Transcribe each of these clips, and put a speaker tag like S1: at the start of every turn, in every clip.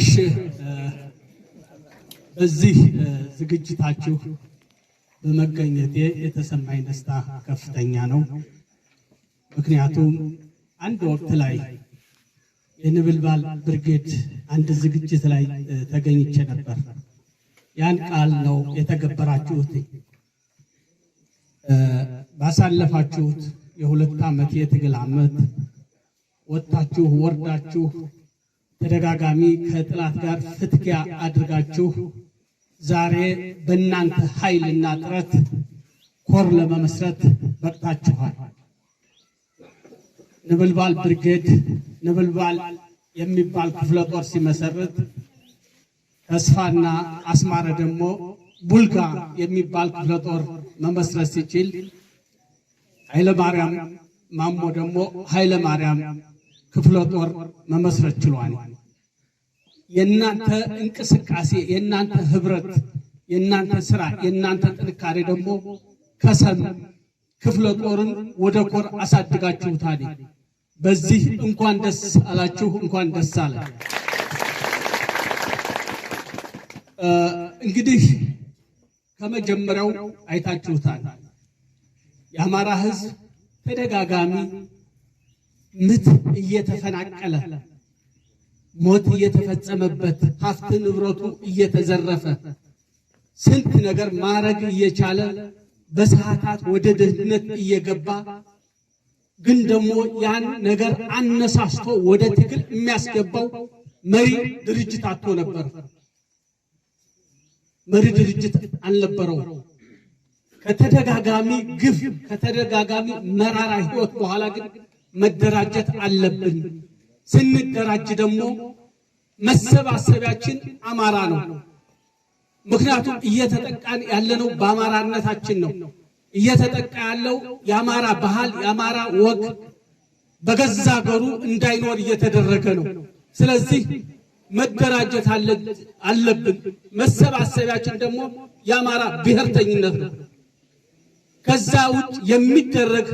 S1: እሺ በዚህ ዝግጅታችሁ በመገኘቴ የተሰማኝ ደስታ ከፍተኛ ነው። ምክንያቱም አንድ ወቅት ላይ የንብልባል ብርጌድ አንድ ዝግጅት ላይ ተገኝቼ ነበር። ያን ቃል ነው የተገበራችሁት። ባሳለፋችሁት የሁለት ዓመት የትግል ዓመት ወጥታችሁ ወርዳችሁ ተደጋጋሚ ከጥላት ጋር ፍትኪያ አድርጋችሁ ዛሬ በእናንተ ኃይልና ጥረት ኮር ለመመስረት በቅታችኋል። ነበልባል ብርጌድ ነበልባል የሚባል ክፍለ ጦር ሲመሰርት ተስፋና አስማረ ደግሞ ቡልጋ የሚባል ክፍለ ጦር መመስረት ሲችል ኃይለ ማርያም ማሞ ደግሞ ኃይለ ማርያም ክፍለ ጦር መመስረት ችሏል። የእናንተ እንቅስቃሴ፣ የእናንተ ህብረት፣ የእናንተ ስራ፣ የእናንተ ጥንካሬ ደግሞ ከሰም ክፍለ ጦርን ወደ ኮር አሳድጋችሁታል። በዚህ እንኳን ደስ አላችሁ፣ እንኳን ደስ አለ። እንግዲህ ከመጀመሪያው አይታችሁታል። የአማራ ህዝብ ተደጋጋሚ ምት እየተፈናቀለ ሞት እየተፈጸመበት ሀብት ንብረቱ እየተዘረፈ ስንት ነገር ማረግ እየቻለ በሰዓታት ወደ ድህነት እየገባ ግን ደግሞ ያን ነገር አነሳስቶ ወደ ትግል የሚያስገባው መሪ ድርጅት አቶ ነበር። መሪ ድርጅት አልነበረው። ከተደጋጋሚ ግፍ ከተደጋጋሚ መራራ ህይወት በኋላ ግን መደራጀት አለብን ስንደራጅ ደግሞ መሰባሰቢያችን አማራ ነው። ምክንያቱም እየተጠቃን ያለነው በአማራነታችን ነው። እየተጠቃ ያለው የአማራ ባህል፣ የአማራ ወግ በገዛ ሀገሩ እንዳይኖር እየተደረገ ነው። ስለዚህ መደራጀት አለብን። መሰባሰቢያችን ደግሞ የአማራ ብሔርተኝነት ነው። ከዛ ውጭ የሚደረግ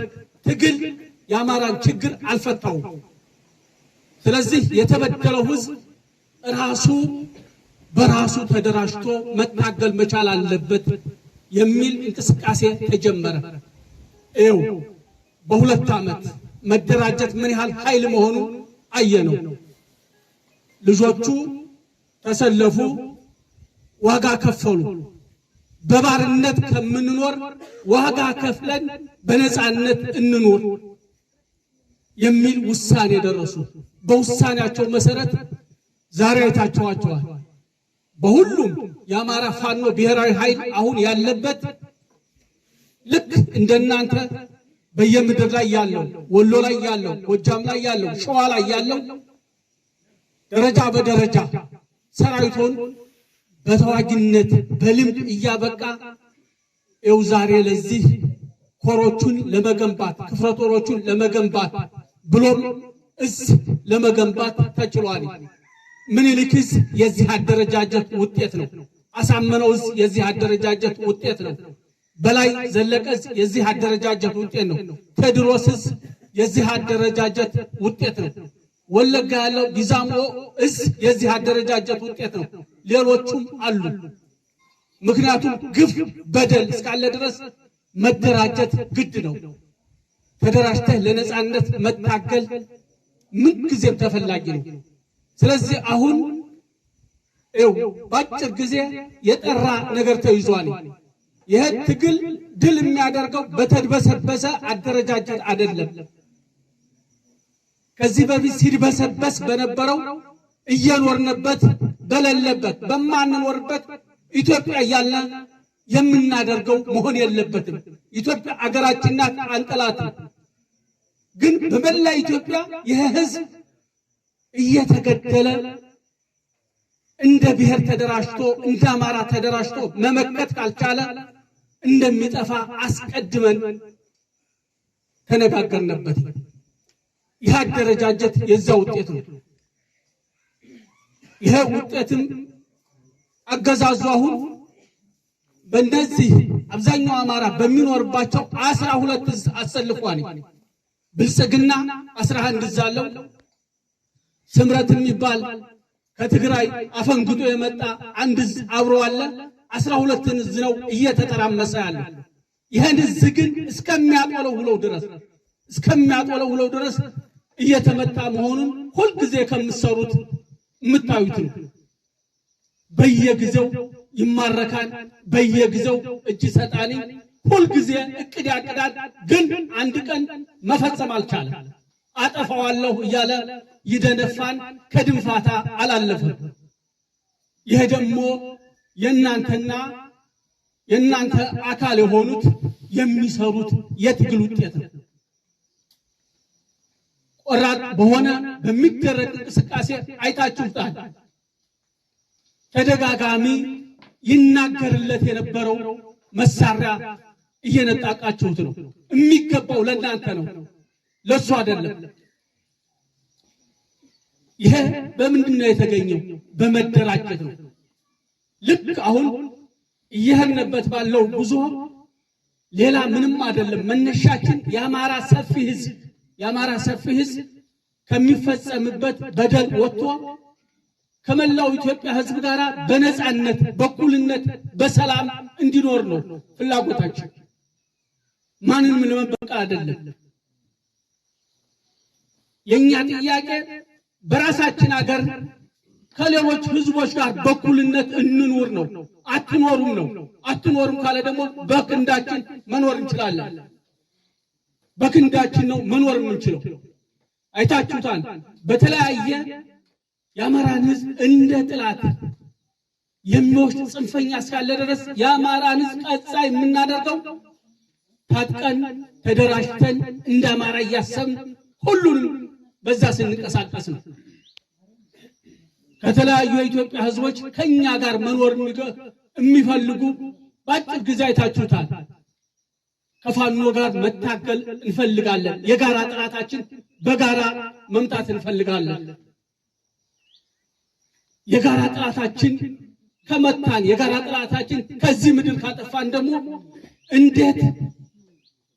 S1: ትግል የአማራን ችግር አልፈታውም። ስለዚህ የተበደለው ህዝብ ራሱ በራሱ ተደራጅቶ መታገል መቻል አለበት የሚል እንቅስቃሴ ተጀመረ። ይው በሁለት ዓመት መደራጀት ምን ያህል ኃይል መሆኑ አየነው። ልጆቹ ተሰለፉ፣ ዋጋ ከፈሉ። በባርነት ከምንኖር ዋጋ ከፍለን በነፃነት እንኖር የሚል ውሳኔ ደረሱ። በውሳኔያቸው መሰረት ዛሬ አይታችኋቸዋል። በሁሉም የአማራ ፋኖ ብሔራዊ ኃይል አሁን ያለበት ልክ እንደናንተ በየምድር ላይ ያለው ወሎ ላይ ያለው ጎጃም ላይ ያለው ሸዋ ላይ ያለው ደረጃ በደረጃ ሰራዊቱን በተዋጊነት በልምድ እያበቃ ይኸው ዛሬ ለዚህ ኮሮቹን ለመገንባት ክፍለ ጦሮቹን ለመገንባት ብሎም እዝ ለመገንባት ተችሏል። ምኒልክ እዝ የዚህ አደረጃጀት ውጤት ነው። አሳምነው እዝ የዚህ አደረጃጀት ውጤት ነው። በላይ ዘለቀ እዝ የዚህ አደረጃጀት ውጤት ነው። ቴዎድሮስ እዝ የዚህ አደረጃጀት ውጤት ነው። ወለጋ ያለው ጊዛሞ እዝ የዚህ አደረጃጀት ውጤት ነው። ሌሎቹም አሉ። ምክንያቱም ግፍ፣ በደል እስካለ ድረስ መደራጀት ግድ ነው። ተደራጅተህ ለነፃነት መታገል ምን ጊዜም ተፈላጊ ነው። ስለዚህ አሁን ይኸው በአጭር ጊዜ የጠራ ነገር ተይዟል። ይህ ትግል ድል የሚያደርገው በተድበሰበሰ አደረጃጀት አይደለም። ከዚህ በፊት ሲድበሰበስ በነበረው እየኖርንበት በሌለበት በማንኖርበት ኢትዮጵያ እያለ የምናደርገው መሆን የለበትም። ኢትዮጵያ አገራችን ናት፣ አንጠላትም። ግን በመላ ኢትዮጵያ ይህ ህዝብ እየተገደለ እንደ ብሔር ተደራጅቶ እንደ አማራ ተደራጅቶ መመከት ካልቻለ እንደሚጠፋ አስቀድመን ተነጋገርንበት። ይህ አደረጃጀት የዛ ውጤት ነው። ይህ ውጤትም አገዛዙ አሁን በእነዚህ አብዛኛው አማራ በሚኖርባቸው አስራ ሁለት አሰልፏል። ብልጽግና አስራ አንድ እዝ አለው። ስምረት የሚባል ከትግራይ አፈንግጦ የመጣ አንድ እዝ አብሮ አለ። አስራ ሁለትን እዝ ነው እየተጠራመሰ ያለ። ይህን እዝ ግን እስከሚያጦለው ውለው ድረስ እስከሚያጦለው ውለው ድረስ እየተመጣ መሆኑን ሁልጊዜ ከምሰሩት የምታዩት ነው። በየጊዜው ይማረካል። በየጊዜው እጅ ሰጣኔ ሁልጊዜ እቅድ ያቅዳል፣ ግን አንድ ቀን መፈጸም አልቻለም። አጠፋዋለሁ እያለ ይደነፋን፣ ከድንፋታ አላለፈም። ይሄ ደግሞ የእናንተና የእናንተ አካል የሆኑት የሚሰሩት የትግል ውጤት ነው። ቆራጥ በሆነ በሚደረግ እንቅስቃሴ አይታችሁታል። ተደጋጋሚ ይናገርለት የነበረው መሳሪያ እየነጣቃችሁት ነው። የሚገባው ለእናንተ ነው፣ ለሱ አይደለም። ይሄ በምንድን ነው የተገኘው? በመደራጀት ነው። ልክ አሁን እየሄድንበት ባለው ጉዞ ሌላ ምንም አይደለም። መነሻችን የአማራ ሰፊ ህዝብ የአማራ ሰፊ ህዝብ ከሚፈጸምበት በደል ወጥቶ ከመላው ኢትዮጵያ ህዝብ ጋር በነፃነት፣ በኩልነት በሰላም እንዲኖር ነው ፍላጎታችን። ማንንም ለመበቀል አይደለም። የኛ ጥያቄ በራሳችን ሀገር ከሌሎች ህዝቦች ጋር በኩልነት እንኑር ነው። አትኖሩም ነው። አትኖሩም ካለ ደግሞ በክንዳችን መኖር እንችላለን። በክንዳችን ነው መኖር የምንችለው። አይታችሁታል። በተለያየ የአማራን ህዝብ እንደ ጥላት የሚወስድ ጽንፈኛ እስካለ ድረስ የአማራን ህዝብ ቀጻይ የምናደርገው ታጥቀን ተደራጅተን እንደ አማራ እያሰብን ሁሉንም በዛ ስንንቀሳቀስ ነው። ከተለያዩ የኢትዮጵያ ሕዝቦች ከኛ ጋር መኖር የሚፈልጉ በአጭር ጊዜ አይታችሁታል። ከፋኖ ጋር መታገል እንፈልጋለን። የጋራ ጥራታችን በጋራ መምጣት እንፈልጋለን። የጋራ ጥራታችን ከመታን የጋራ ጥራታችን ከዚህ ምድር ካጠፋን ደግሞ እንዴት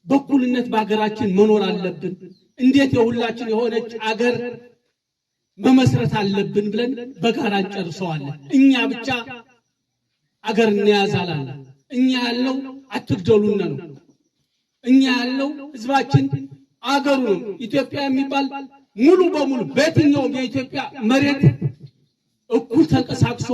S1: በኩልነት በሀገራችን መኖር አለብን። እንዴት የሁላችን የሆነች አገር መመስረት አለብን ብለን በጋራ እንጨርሰዋለን። እኛ ብቻ አገር እንያዛላለን። እኛ ያለው አትግደሉን ነው። እኛ ያለው ህዝባችን አገሩ ነው። ኢትዮጵያ የሚባል ሙሉ በሙሉ በየትኛውም የኢትዮጵያ መሬት እኩል ተንቀሳቅሶ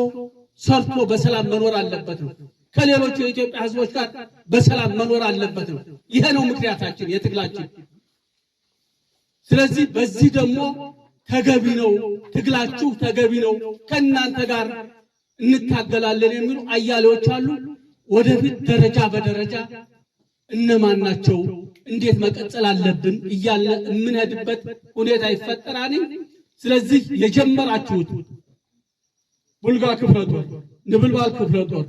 S1: ሰርቶ በሰላም መኖር አለበት ነው። ከሌሎች የኢትዮጵያ ህዝቦች ጋር በሰላም መኖር አለበት ነው። ይሄ ነው ምክንያታችን የትግላችን። ስለዚህ በዚህ ደግሞ ተገቢ ነው ትግላችሁ ተገቢ ነው፣ ከእናንተ ጋር እንታገላለን የሚሉ አያሌዎች አሉ። ወደፊት ደረጃ በደረጃ እነማን ናቸው እንዴት መቀጠል አለብን እያለ የምንሄድበት ሁኔታ ይፈጠራል። ስለዚህ የጀመራችሁት ቡልጋ ክፍለ ጦር፣ ንብልባል ክፍለ ጦር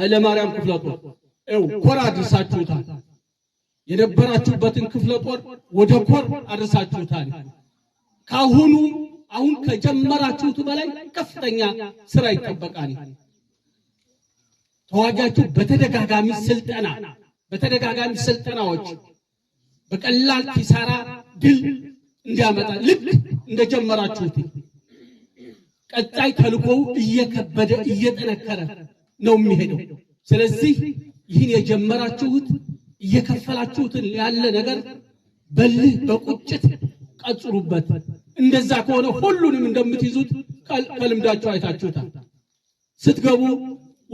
S1: ኃይለማርያም ክፍለ ጦር ው ኮር አድርሳችሁታል። የነበራችሁበትን ክፍለ ጦር ወደ ኮር አድርሳችሁታል። ካሁኑ አሁን ከጀመራችሁት በላይ ከፍተኛ ስራ ይጠበቃል። ተዋጊያችሁ በተደጋጋሚ ስልጠና በተደጋጋሚ ስልጠናዎች በቀላል ኪሳራ ድል እንዲያመጣ ልክ እንደጀመራችሁት ቀጣይ ተልኮው እየከበደ እየጠነከረ ነው የሚሄደው። ስለዚህ ይህን የጀመራችሁት እየከፈላችሁትን ያለ ነገር በልህ በቁጭት ቀጽሩበት። እንደዛ ከሆነ ሁሉንም እንደምትይዙት ከልምዳችሁ አይታችሁታል። ስትገቡ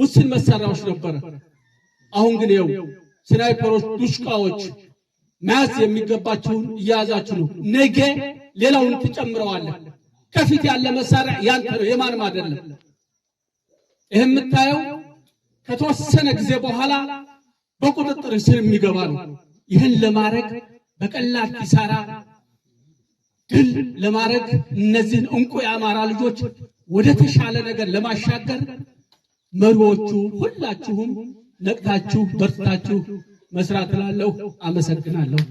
S1: ውስን መሳሪያዎች ነበረ። አሁን ግን ይኸው ስናይፐሮች፣ ዱሽቃዎች መያዝ የሚገባችሁን እያያዛችሁ ነው። ነገ ሌላውን ትጨምረዋለን። ከፊት ያለ መሳሪያ ያንተ ነው፣ የማንም አይደለም። ይህ የምታየው ከተወሰነ ጊዜ በኋላ በቁጥጥር ስር የሚገባ ነው። ይህን ለማድረግ በቀላል ኪሳራ ድል ለማድረግ እነዚህን እንቁ የአማራ ልጆች ወደ ተሻለ ነገር ለማሻገር መሪዎቹ ሁላችሁም ነቅታችሁ በርታችሁ መስራት እላለሁ። አመሰግናለሁ።